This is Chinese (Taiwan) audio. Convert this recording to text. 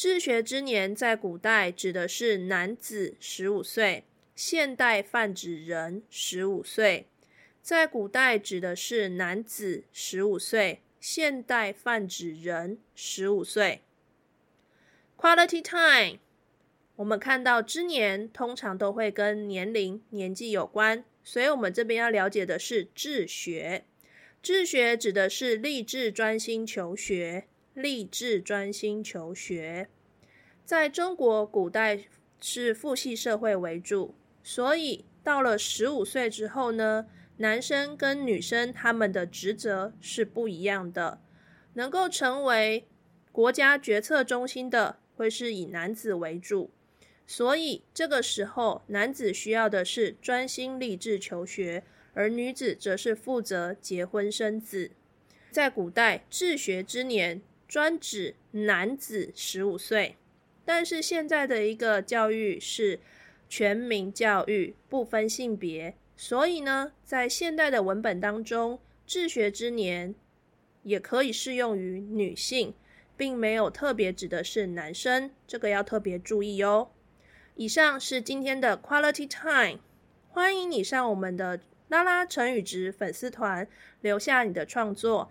志學之年，在古代指的是男子十五歲，現代泛指人十五歲。在古代指的是男子十五歲，現代泛指人十五歲。Quality time，我們看到之年通常都會跟年齡、年紀有關，所以我們這邊要了解的是志學。志學指的是立志、專心求學。立志專心求學，在中國古代，是父系社會為主，所以到了十五歲之後呢，男生跟女生他們的職責是不一樣的。能夠成為國家決策中心的，會是以男子為主，所以這個時候男子需要的是專心立志求學，而女子則是負責結婚生子。在古代，志學之年。專指男子十五歲，但是現在的一個教育是全民教育，不分性別，所以呢，在現代的文本當中，志學之年也可以適用於女性，並沒有特別指的是男生，這個要特別注意哦。以上是今天的 Quality Time，歡迎你上我們的拉拉成語質粉絲團留下你的創作。